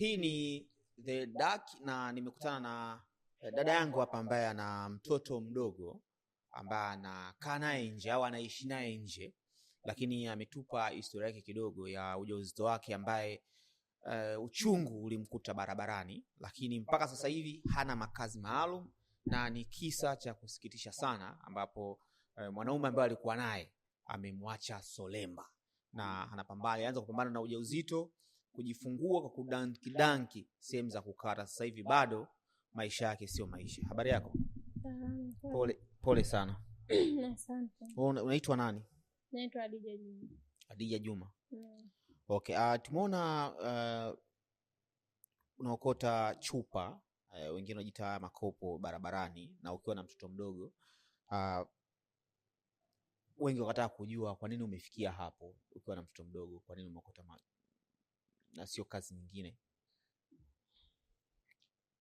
Hii ni The Dark na nimekutana na eh, dada yangu hapa ambaye ana mtoto mdogo ambaye anakaa naye nje au anaishi naye nje, lakini ametupa historia yake kidogo ya ujauzito wake ambaye uh, uchungu ulimkuta barabarani, lakini mpaka sasa hivi hana makazi maalum na ni kisa cha kusikitisha sana, ambapo uh, mwanaume ambaye alikuwa naye amemwacha solemba na anapambana, alianza kupambana na ujauzito kujifungua kwa kudanki danki sehemu za kukata, sasa hivi bado maisha yake sio maisha. Habari yako? Pole, pole sana. Asante. Unaitwa nani? Naitwa Adija Juma. Adija Juma. Mm. Okay, uh, tumeona uh, unaokota chupa uh, wengine wanajiita makopo barabarani na ukiwa na mtoto mdogo uh, wengi wakataka kujua kwa nini umefikia hapo ukiwa na mtoto mdogo, kwa nini umeokota na sio kazi nyingine.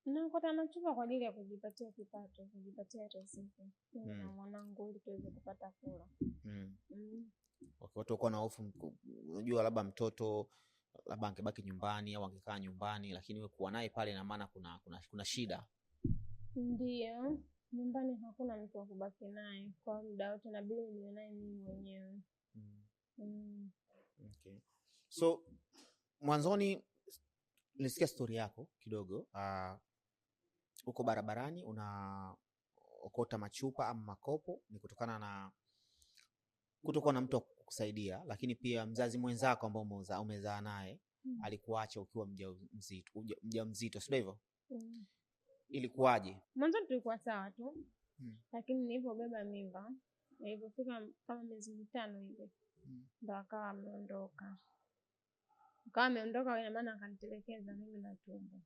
Naokota anachumba kwa ajili ya kujipatia kipato, kujipatia riziki na hmm. mwanangu ili tuweze kupata kula. Hmm. Hmm. Watu wakuwa na hofu, unajua labda mtoto labda angebaki nyumbani au angekaa nyumbani, lakini wewe kuwa naye pale, ina maana kuna, kuna, kuna shida. Ndio, nyumbani hakuna mtu wa kubaki naye kwa muda wote, nabidi niwe naye mimi mwenyewe. Okay. So mwanzoni nilisikia stori yako kidogo huko ah, uh, barabarani unaokota machupa ama makopo, ni kutokana na kutokuwa na mtu wa kusaidia lakini pia mzazi mwenzako ambao umezaa naye mm. alikuacha ukiwa mja mzito sindo hivyo? mm. Ilikuwaje? Mwanzoni tulikuwa sawa tu mm. lakini nilivyobeba mimba, nilivyofika kama miezi mitano hivi hmm. ndo akawa ameondoka. Akawa ameondoka, ina maana akanitelekeza mimi na tumbo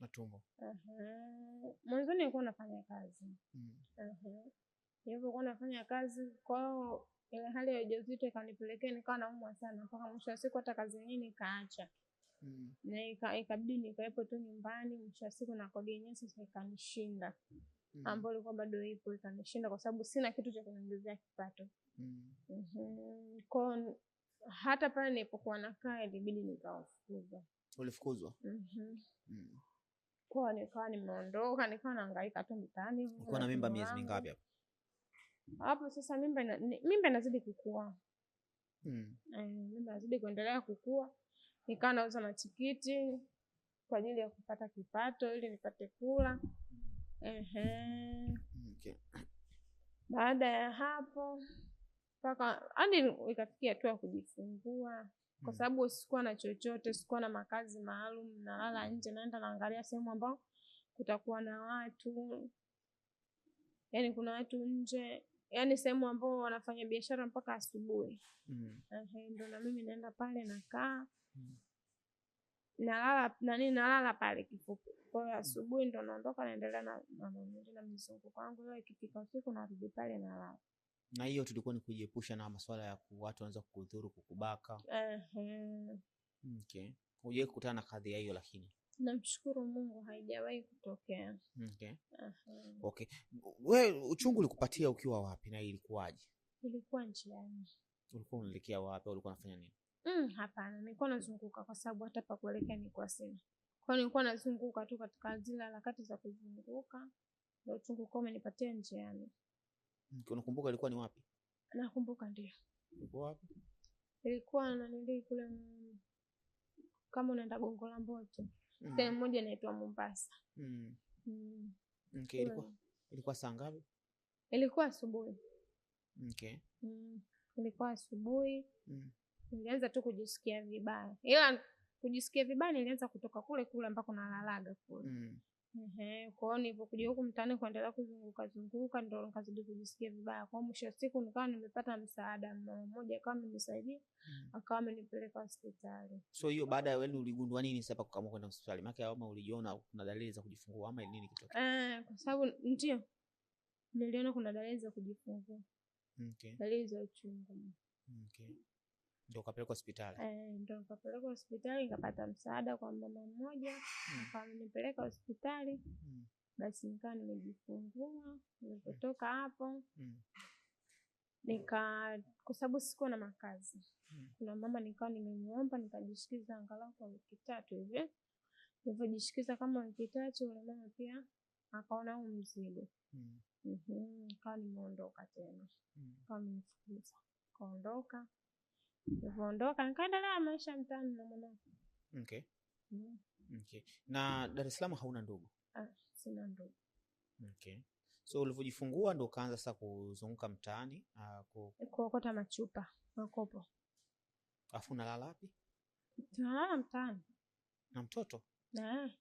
na tumbo. Uh-huh. Mwanzoni nilikuwa nafanya kazi mm. Uh-huh. nilipokuwa nafanya kazi kwao, ile hali ya ujauzito ikanipelekea nikawa naumwa sana, mpaka mwisho wa siku hata kazi yenyewe nikaacha mm. na ikabidi nikawepo tu nyumbani. Mwisho wa siku na kodi yenyewe sasa ikanishinda Mm. ambayo ilikuwa bado ipo ikanishinda, kwa sababu sina kitu cha kuniongezea kipato mm. mm -hmm. kwao hata pale nilipokuwa nakaa ilibidi nikawafukuza. Ulifukuzwa? mm-hmm. mm. Kwa nikawa nimeondoka, nikawa naangaika tu mtaani. Ulikuwa na mimba miezi mingapi hapo? Hapo sasa mimba mimba inazidi kukua mm. E, mimba inazidi kuendelea kukua, nikawa nauza matikiti kwa ajili ya kupata kipato ili nipate kula. Mm. Ehe. Mm, okay. Baada ya hapo mpaka hadi ikafikia hatua ya kujifungua, kwa hmm. sababu sikuwa na chochote, sikuwa na makazi maalum, nalala hmm. nje, naenda naangalia sehemu ambao kutakuwa na watu, yani kuna watu nje, yani sehemu ambao wanafanya biashara mpaka asubuhi mm. Ndo na mimi naenda pale nakaa mm. nalala nani, nalala pale kifupi. Kwa hiyo asubuhi ndo naondoka naendelea na na mizunguko yangu, ikifika usiku narudi pale nalala na hiyo tulikuwa ni kujiepusha na masuala ya watu wanaweza kudhuru, kukubaka. Uh-huh. Okay. Hujawahi kukutana na kadhia hiyo lakini Namshukuru Mungu haijawahi kutokea. Okay. Okay. Wewe uchungu ulikupatia ukiwa wapi na ilikuwaje? Ilikuwa njiani. Ulikuwa unaelekea wapi ulikuwa unafanya nini? Mm, hapana, nilikuwa nazunguka kwa sababu hata pa kuelekea nilikuwa sina. Kwa hiyo nilikuwa nazunguka tu katika zile harakati za kuzunguka. na uchungu kwa umenipatia njiani. Unakumbuka ilikuwa ni wapi? Nakumbuka ndio. Ilikuwa wapi? Ilikuwa na kule kama unaenda Gongo la Mboto. Mm. Sehemu moja inaitwa Mombasa. Mm. Mm. Okay, ilikuwa ilikuwa saa ngapi? Ilikuwa asubuhi. Okay. Mm. Ilikuwa asubuhi. Mm. Nilianza tu kujisikia vibaya. Ila kujisikia vibaya nilianza kutoka kule kule ambako nalalaga kule. Mm. Ehe, kwa hiyo nilipokuja huku mtaani kuendelea kuzunguka zunguka ndo nikazidi kujisikia vibaya. Kwa hiyo mwisho wa siku nikawa nimepata msaada, mama mmoja akawa amenisaidia mm. akawa amenipeleka hospitali. So hiyo baada ya wewe uligundua nini sasa kama kwenda hospitali? Maana kama ulijiona kuna dalili za kujifungua ama nini kitokea? Eh, kwa sababu ndio niliona kuna dalili za kujifungua. Okay. Dalili za uchungu. Okay. Ndio ukapelekwa hospitali? Eh, ndio ukapelekwa hospitali, nikapata msaada kwa mama mmoja mm. akanipeleka hospitali mm. Basi nikawa nimejifungua. Nilipotoka hmm. hapo mm. nika kwa sababu sikuwa na makazi mm. kuna mama nikawa nimemuomba, nikajishikiza angalau kwa wiki tatu hivi. Nilivyojishikiza kama wiki tatu, yule mama pia akaona huu mzigo mm. mm -hmm. Mhm, nikawa nimeondoka tena mm. kawa menifukuza kaondoka Nilipoondoka nikaendelea maisha mtani na mwanangu. Okay. Mm. Okay. Na Dar es Salaam hauna ndugu? Ah, sina ndugu. Okay. So ulivyojifungua ndo ukaanza sasa kuzunguka mtaani ah, kuokota machupa makopo. Afu unalala wapi? Tunalala mtaani. Na mtoto? Na.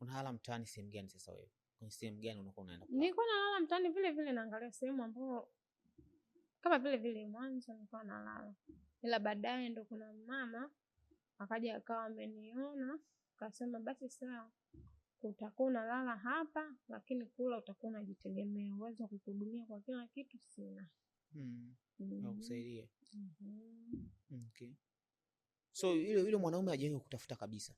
Unalala mtaani sehemu gani sasa wewe? Kwenye sehemu gani unakuwa unaenda? Nilikuwa nalala mtaani vile vile naangalia sehemu ambayo kama vile vile mwanzo nilikuwa nalala, ila baadaye ndo kuna mama akaja akawa ameniona akasema, basi sawa, utakuwa unalala hapa, lakini kula utakuwa unajitegemea. Uwezo wa kukuhudumia kwa kila kitu sina mm. mm. mm -hmm. Mhm. Mhm. Okay. So yule ile mwanaume hajawahi kutafuta kabisa,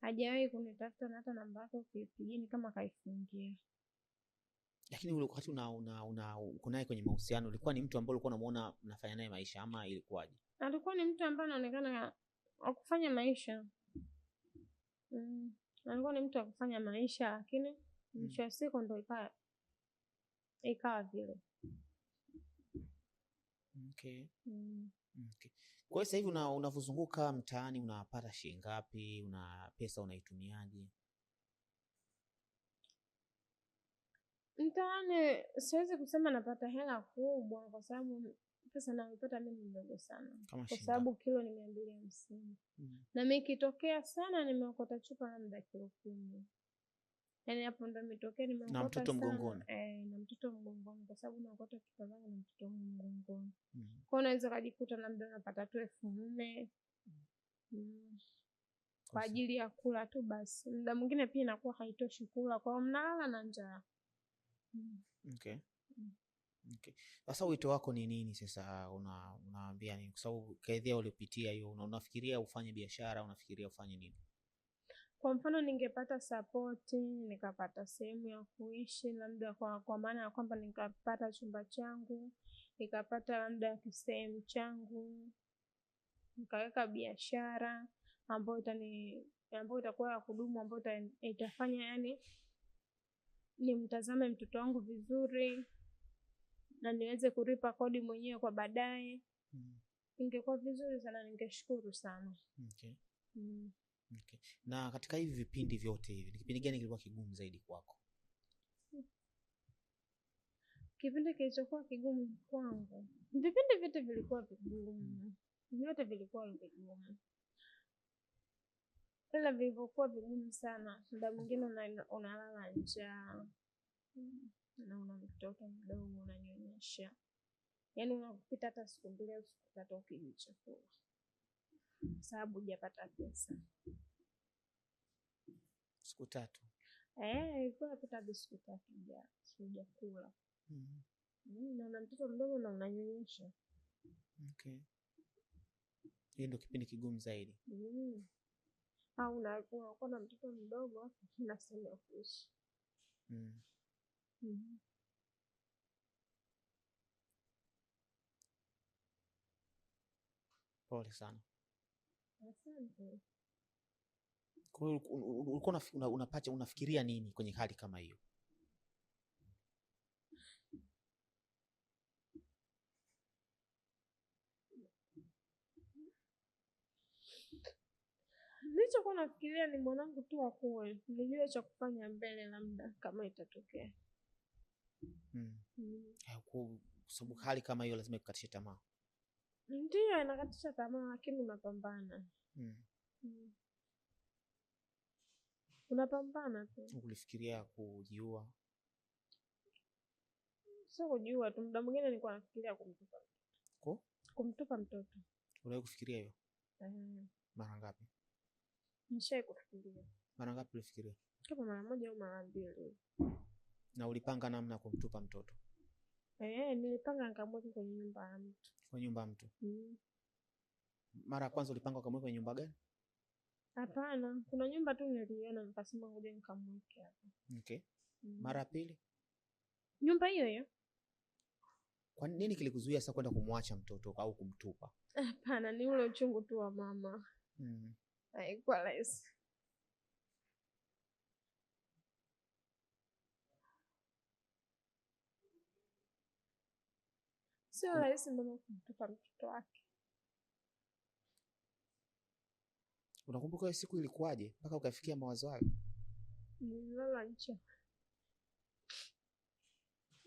hajawahi kunitafuta na hata namba yake ukiipigini kama kaifungia lakini ule wakati una una, una uko naye kwenye mahusiano ulikuwa ni mtu ambaye ulikuwa unamuona mnafanya naye maisha ama ilikuwaje? Alikuwa ni mtu ambaye anaonekana wa kufanya maisha. Mm. Alikuwa ni mtu wa kufanya maisha lakini mm. mwisho wa siku ndo ikawa ikawa vile. Okay. Mm. Okay. Kwa hiyo sasa hivi unavyozunguka mtaani unapata shilingi ngapi? Una pesa unaitumiaje? Mtaani siwezi kusema napata hela kubwa kwa sababu pesa naipata mimi ndogo sana, kwa sababu kilo ni mia mbili hamsini mm. na mimi kitokea sana nimeokota chupa labda kilo kumi, yaani hapo ndo imetokea nimeokota na mtoto mgongoni eh, na mtoto mgongoni, kwa sababu naokota chupa zangu na mtoto mgongoni mm. kwao unaweza ukajikuta labda unapata tu elfu nne mm. kwa ajili ya kula tu basi. Muda mwingine pia inakuwa haitoshi kula kwao, mnalala na njaa. Mm. Okay. Mm. Okay. Sasa wito wako ni nini sasa, unaambia una Kwa sababu kadhia uliopitia hiyo, unafikiria ufanye biashara, unafikiria ufanye nini? Kwa mfano ningepata sapoti, nikapata sehemu ya kuishi labda, kwa, kwa maana ya kwamba nikapata chumba changu, nikapata labda kisehemu changu, nikaweka biashara ambayo itani ambayo itakuwa ya kudumu, ambayo itafanya yani nimtazame mtoto wangu vizuri na niweze kulipa kodi mwenyewe kwa baadaye. mm. Ingekuwa vizuri sana, ningeshukuru sana. okay. mm. Okay. Na katika hivi vipindi vyote hivi ni kipindi gani kilikuwa kigumu zaidi kwako? Kipindi kilichokuwa kigumu kwangu, vipindi vyote vilikuwa vigumu, mm. vyote vilikuwa vigumu Ila vilivyokuwa vigumu sana, muda mwingine unalala njaa na una mtoto mdogo unanyonyesha, yaani unakupita hata siku mbili au siku tatu ukijui chakula, kwa sababu hujapata pesa. Siku tatu eh, ilikuwa napita hadi siku tatu sijakula mm-hmm. mm, na una mtoto mdogo na unanyonyesha. Okay, hiyo ndio kipindi kigumu zaidi. mm au unakuwa na mtoto mdogo hakuna sehemu ya kuishi. Mm. Mm-hmm. Pole sana. Asante. Kwa hiyo ulikuwa unapacha unafikiria nini kwenye hali kama hiyo? nilichokuwa nafikiria ni mwanangu tu akuwe, nijue cha kufanya mbele, labda kama itatokea mm. hali kama hiyo lazima ikukatishe tamaa. Ndiyo, inakatisha tamaa, lakini unapambana hmm. Hmm. unapambana tu. Ulifikiria kujiua? Sio kujiua tu, muda mwingine nilikuwa nafikiria kumtupa mtoto. Kumtupa mtoto. Uliwahi kufikiria hiyo? Eh. Mara ngapi? Nishai kufikiria. Mara ngapi ulifikiria? Kama mara moja au mara mbili. Na ulipanga namna kumtupa mtoto? Eh, nilipanga nikamweka kwenye nyumba ya mtu. Kwenye nyumba ya mtu? Mm. Mara ya kwanza ulipanga ukamweka kwenye nyumba gani? Hapana, kuna nyumba tu niliona nikasema ngoja nikamweke hapo. Okay. Mm. Mara ya pili? Nyumba hiyo hiyo. Kwa nini kilikuzuia sasa kwenda kumwacha mtoto au kumtupa? Hapana, ni ule uchungu tu wa mama. Mm. 来 equalize sio rahisi mama kumtupa mtoto wake. Unakumbuka hiyo siku ilikuwaje mpaka ukafikia mawazo hayo? Nililala nje,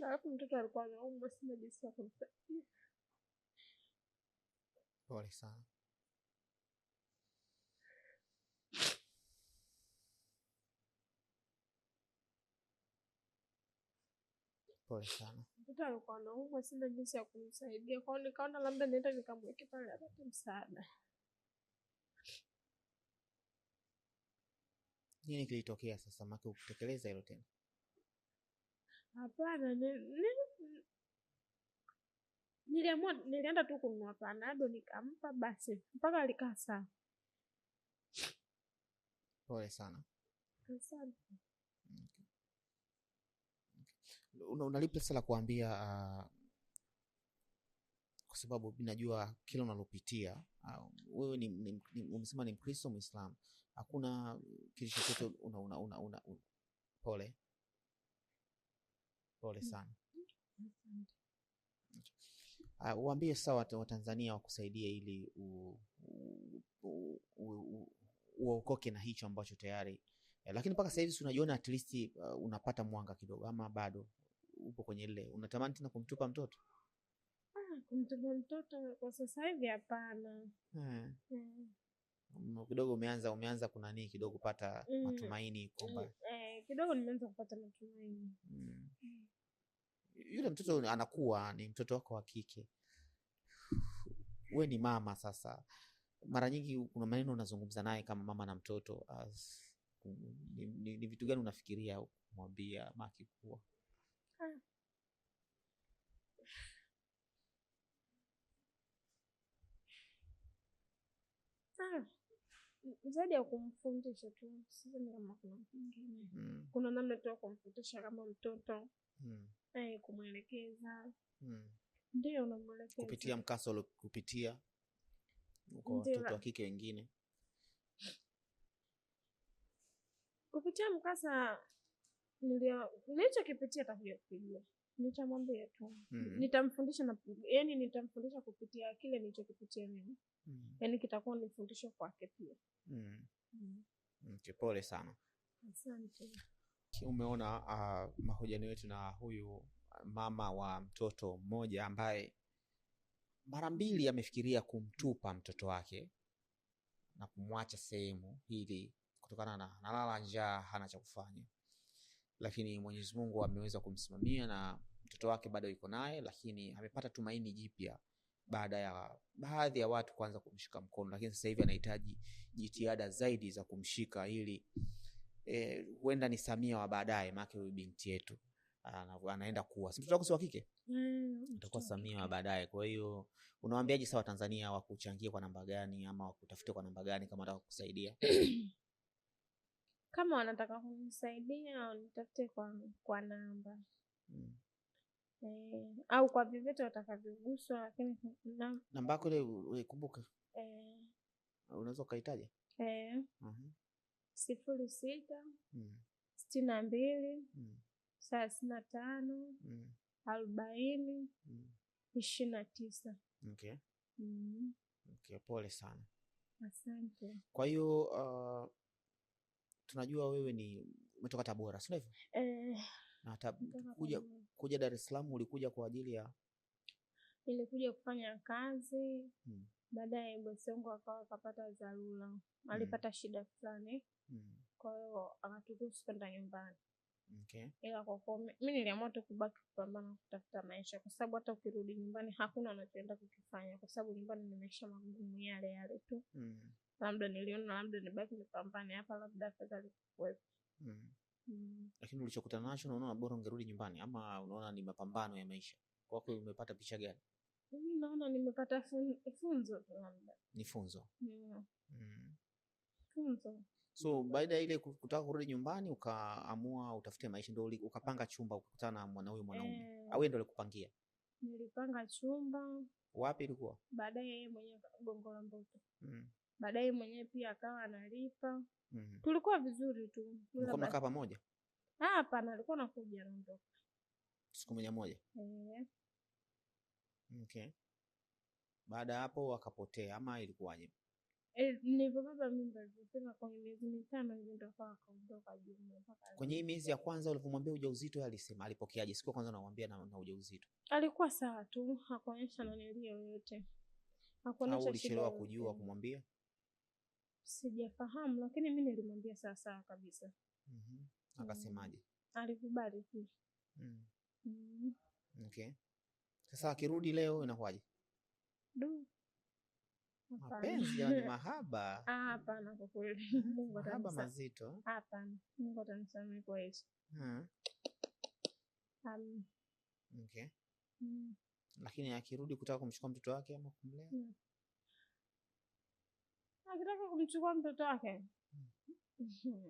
alafu mtoto alikuwa anaumwa, sina jinsi ya kumsaidia. Pole sana. Pole sana. Mtoto alikuwa anaumwa, sina jinsi ya kumsaidia kwao, nikaona labda nienda nikamweke pale apate msaada. Nini kilitokea sasa make ukutekeleza hilo tena? Hapana, niliamua nilienda tu kununua panado nikampa, basi mpaka alikaa sawa. Pole sana, asante. Okay unalipi sasa la kuambia uh, kwa sababu najua kila unalopitia uh, wewe ni, ni, ni, umesema ni Mkristo Muislam, hakuna kitu chochote una, una, una, una, una, pole pole sana uh, sasa Watanzania wakusaidia ili uokoke na hicho ambacho tayari eh, lakini mpaka sasa hivi unajiona at least uh, unapata mwanga kidogo, ama bado upo kwenye ile, unatamani tena kumtupa mtoto? Ah, kumtupa mtoto kwa sasa hivi hapana. Eh. Mm. Kidogo umeanza umeanza kuna nini kidogo kupata mm. matumaini kwamba mm. eh, kidogo nimeanza kupata matumaini mm. Mm. Yule mtoto anakuwa ni mtoto wako wa kike, we ni mama sasa. Mara nyingi kuna maneno unazungumza naye kama mama na mtoto As ni, ni, ni vitu gani unafikiria kumwambia Maki kuwa ah, Zaidi ya kumfundisha tu, sidhani kama kuna kingine mm. Kuna namna tu ya kumfundisha kama mtoto mm. Hey, eh, kumwelekeza mm. Ndio unamwelekeza kupitia mkasa uliokupitia kwa watoto wa kike wengine kupitia mkasa nilichokipitia takuja kukijua, nitamwambia tu mm -hmm. Nitamfundisha na yani, nitamfundisha kupitia kile nilichokipitia mimi mm -hmm. Yani kitakuwa ni fundisho kwake pia mm-hmm. mm mm -hmm. Okay, pole sana, asante. Umeona uh, mahojiano yetu na huyu ah, mama wa mtoto mmoja ambaye mara mbili amefikiria kumtupa mtoto wake na kumwacha sehemu ili kutokana na analala njaa, hana cha kufanya, lakini Mwenyezi Mungu ameweza kumsimamia na mtoto wake bado yuko naye, lakini amepata tumaini jipya baada ya baadhi ya watu kuanza kumshika mkono, lakini sasa hivi anahitaji jitihada zaidi za kumshika ili e, huenda e, ni Samia wa baadaye, maana huyu binti yetu anaenda kuwa si mtoto wako si wa kike mm, atakuwa Samia wa baadaye. Kwa hiyo unawaambiaje sawa Tanzania wakuchangie kwa namba gani ama wakutafute kwa namba gani kama wataka kusaidia? Kama wanataka kunisaidia wanitafute kwa, kwa namba mm. E, au kwa vyovyote watakavyoguswa, lakini namba yako ile uikumbuke, eh. unaweza ukahitaja e, eh. mhm. sifuri sita mm. sitini na mbili mm. thelathini na tano mm. arobaini ishirini na tisa. Okay, pole sana, asante. Kwa hiyo uh, tunajua wewe ni umetoka Tabora, si hivyo? Eh, na tab, kuja, kuja Dar es Salaam ulikuja kwa ajili ya nilikuja kufanya kazi hmm. Baadaye bosi wangu akawa akapata dharura, alipata hmm. shida fulani hmm. kwa hiyo akatukusu kwenda nyumbani Okay. Ila kwa kuwa niliamua tu kubaki kupambana kutafuta maisha, kwa sababu hata ukirudi nyumbani hakuna unachoenda kukifanya, kwa sababu nyumbani ni maisha magumu yale yale tu mm. Labda niliona labda nibaki nipambane hapa, labda fedha kuwepo mm. Mm. Lakini ulichokutana nacho unaona bora ungerudi nyumbani, ama unaona ni mapambano ya maisha kwako? Umepata picha gani? Mimi naona nimepata funzo tu, labda ni funzo Mm. funzo So baada ya ile kutaka kurudi nyumbani, ukaamua utafute maisha, ndio ukapanga chumba, ukakutana na mwana huyo mwanaume, eh, au yeye ndio alikupangia? Nilipanga chumba. Wapi ilikuwa? Baadaye yeye mwenyewe Gongola Mboto. Mm. Baadaye mwenyewe pia akawa analipa. Mm. Tulikuwa vizuri tu. Mlikuwa mnakaa pamoja? Ah, hapana, alikuwa anakuja anaondoka. Siku moja moja. Eh. Okay. Baada hapo akapotea ama ilikuwaje? E, eh, nilivyobeba mimba niliposema kwa miezi mitano hivi ndio akawa akaondoka Juma. Kwenye hii miezi ya kwanza ulivyomwambia ujauzito alisema alipokeaje? Siku ya kwanza unamwambia na, na ujauzito. Alikuwa sawa tu, hakuonyesha nanili yoyote. Hakuonyesha ulichelewa kujua kumwambia? Sijafahamu, lakini mimi nilimwambia sawa sawa kabisa. Mhm. Mm Akasemaje? mm. Alikubali tu. Mm. Mm. Okay. Sasa akirudi leo inakuwaje? Du. Mapenzi ni mahaba. Ah, hapana kwa kweli. Mahaba mazito. Hapana. Mungu atanisamehe kwa Yesu. Ah. Um. Okay. Mm. Lakini akirudi kutaka kumchukua mtoto wake ama kumlea? Mm. Akitaka kumchukua mtoto wake. Mm.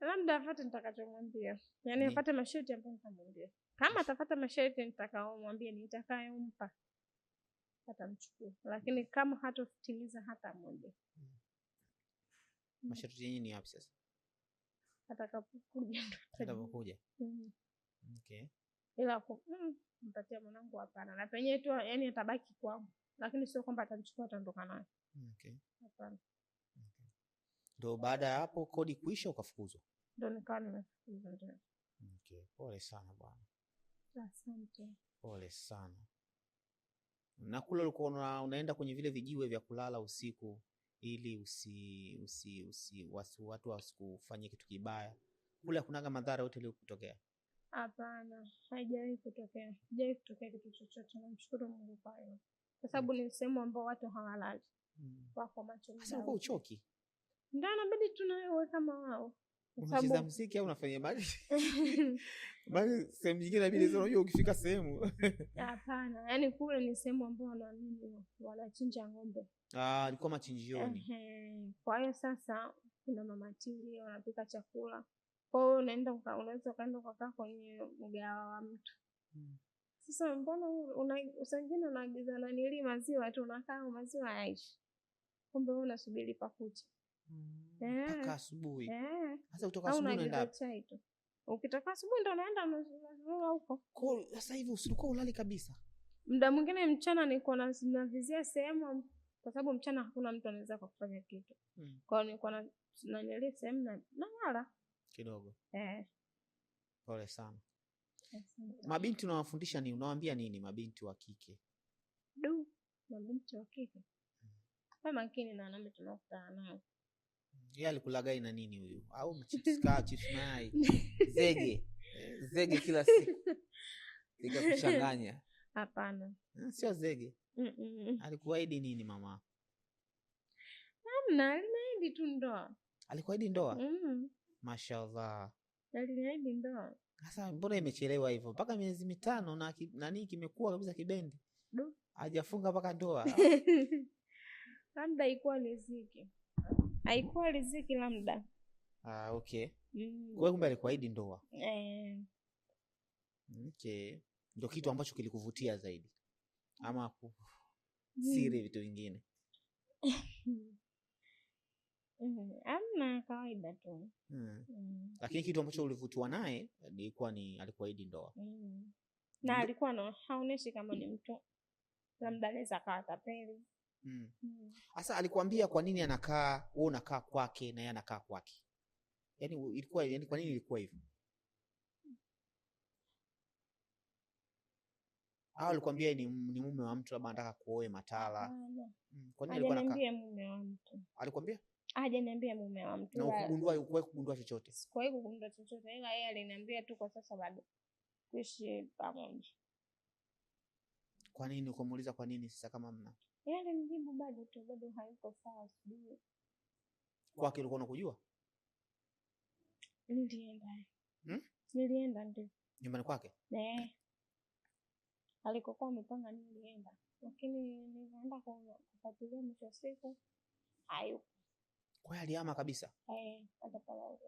Labda afate nitakachomwambia, yaani afate masharti ambayo nitamwambia. Kama atafata masharti nitakayomwambia, nitakayompa atamchukua, lakini kama hatotimiza hata moja hmm. Masharti yenyewe ni yapi sasa atakapokuja? Atakapokuja mm. Okay. Ila hmm, mpatia mwanangu hapana, na penyewe tu yani atabaki kwangu, lakini sio kwamba atamchukua ataondoka naye. Hmm, okay. Hapana. Ndo baada ya hapo kodi kuisha ukafukuzwa? Ndo nikawa nimefukuzwa. Hmm, okay. Pole sana bwana. Asante. Pole sana na kule ulikuwa una, unaenda kwenye vile vijiwe vya kulala usiku ili usi, usi, usi wasu, watu wasikufanyie kitu kibaya. Kule hakunaga madhara yote ile kutokea? Hapana, haijawahi kutokea, sijawahi kutokea kitu chochote. Namshukuru Mungu kwa hiyo, kwa sababu ni sehemu ambao watu hawalali, hmm. wako macho. Sasa uchoki ndio inabidi tunaweka mawao unacheza mziki au unafanya mali mali sehemu nyingine, nabidi unajua, ukifika sehemu hapana, yani kule ni sehemu ambayo wanaamini wanachinja ng'ombe, alikuwa ah, machinjioni. Kwa hiyo sasa kuna mamatili wanapika chakula, kwa hiyo unaenda, unaweza ukaenda ukakaa kwenye mgawa wa mtu hmm. Sasa mbona usangine unaagiza nanili maziwa tu, unakaa maziwa yaishi, kumbe unasubiri pakucha Eh, mpaka asubuhi. Eh. Sasa kutoka asubuhi ukitoka asubuhi ndo huko. Sasa hivi usilikuwa ulali kabisa? mwingine mchana niko navizia sehemu, kwa sababu mchana hakuna mtu anaweza kakufanya kitu mm. Kwa hiyo sehemu nalala kidogo eh. Pole sana. Mabinti unawafundisha nini? unawambia nini mabinti wa kike? Du, mabinti wa kike hmm. Makini na wanaume tunaokutana nao ye alikulaga ina nini huyu au mchipskaa chipsmai zege zege kila siku ikakuchanganya hapana eh, sio zege mm alikuahidi nini mama amna alinaahidi tu ndoa alikuahidi ndoa mm. mashallah alinaahidi ndoa sasa mbona imechelewa hivyo mpaka miezi mitano na ki, nanii kimekuwa kabisa kibendi ajafunga mpaka ndoa labda ikuwa niziki haikuwa riziki labda. Ah, okay. Mm. Kwa kumbe alikuahidi ndoa eh. Okay. Ndio kitu ambacho kilikuvutia zaidi ama ku mm. siri mm. vitu vingine amna kawaida tu mm. mm. Lakini kitu ambacho ulivutiwa naye ilikuwa ni alikuahidi ndoa mm. na alikuwa no, haoneshi kama ni mtu labda anaweza akawa tapeli sasa mm. mm. alikuambia kwa nini anakaa wewe unakaa kwake na yeye anakaa kwake? Yaani ilikuwa yani kwa nini ilikuwa hivyo? Au alikwambia ni, ni mume wa mtu labda anataka kuoe matala? Mm, kwa nini alikuwa anakaa? Mume wa mtu. Alikwambia? Hajaniambia mume wa mtu. Na ukugundua ukuwahi kugundua chochote? Sikuwahi kugundua chochote ila yeye aliniambia tu kwa sasa bado kuishi pamoja. Kwa nini ukamuuliza kwa nini sasa kama mna yale yaani mjibu bado tu, bado hayuko sawa, sijui kwake. Ulikuwa unakujua? Nilienda hmm? Nilienda ndio nyumbani kwake eh, alikokuwa amepanga. Nilienda lakini nilienda kufuatilia, mwisho siku hayuko. Kwa hiyo alihama kabisa eh, hata pala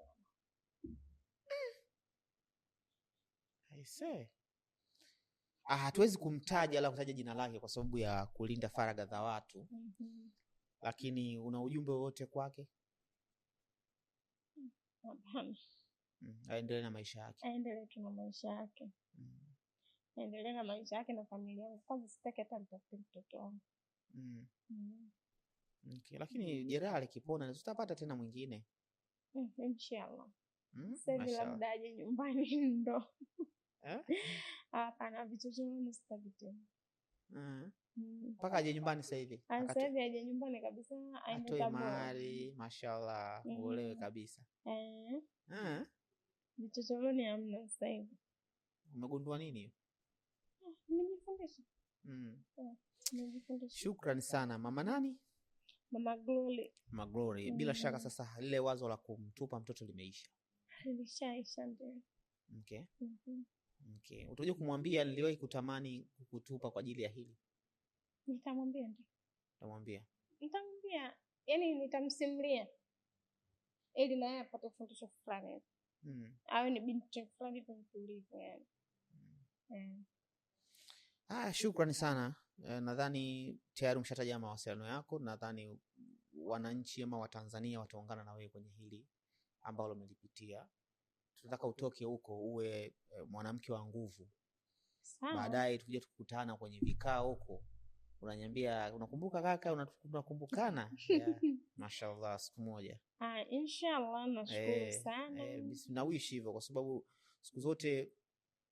aise Ah, hatuwezi kumtaja wala kutaja jina lake kwa sababu ya kulinda faragha za watu mm -hmm. Lakini una ujumbe wowote kwake? mm. mm. Aendelee na maisha yake, aendelee tu na maisha yake mm. Aendelee na maisha yake na familia yangu, kwanza sitaki hata nitafute mtoto wangu mm. mm. Okay. Lakini mm. jeraha likipona tutapata tena mwingine mm. Inshallah mm. Sasa labda aje nyumbani ndo Eh? Hapana, vitu vingine sitavitoa eh? mm. mpaka aje nyumbani. Sasa hivi ah, sasa hivi aje nyumbani kabisa, aende mahali. Mashallah, uolewe mm. kabisa. Eh? Vichochoroni hamna sasa hivi. Umegundua nini? Ah, mm. Nimejifundisha. Shukrani sana mama nani, mama Glory, mama Glory. Bila shaka sasa lile wazo la kumtupa mtoto limeisha, limeishaisha ndio. Okay. Mm-hmm. Okay. Utakuja kumwambia niliwahi kutamani kukutupa kwa ajili ya hili? Nitamwambia ndio. Nitamwambia. Nitamwambia, yani nitamsimulia ili naye apate fundisho fulani. Mm. Awe ni binti fulani hivi mtulivu yani. Mm. Mm. Eh. Ah, shukrani sana. Eh, Nadhani tayari umeshataja mawasiliano yako. Nadhani wananchi ama Watanzania wataungana na wewe kwenye hili ambalo umelipitia tunataka utoke huko uwe eh, mwanamke wa nguvu, baadaye tukija tukutana kwenye vikao huko unaniambia unakumbuka kaka, unakumbukana. Yeah. Mashallah, siku moja ah, inshallah. Nashukuru eh, sana eh, nawishi hivyo kwa sababu siku zote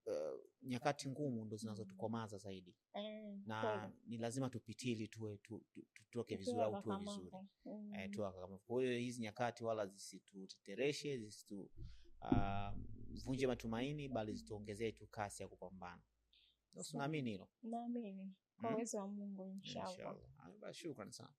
uh, nyakati ngumu ndo zinazotukomaza zaidi eh, na kwa, ni lazima tupitili tuwe tu, tu, tutoke vizuri au tuwe vizuri mm. Eh, tuwe kama. Kwa hiyo hizi nyakati wala zisitutetereshe, zisitu uh, vunje matumaini, bali zituongezee tu kasi ya kupambana. Naamini hilo, naamini kwa mm-hmm. uwezo wa Mungu, inshallah. shukran sana.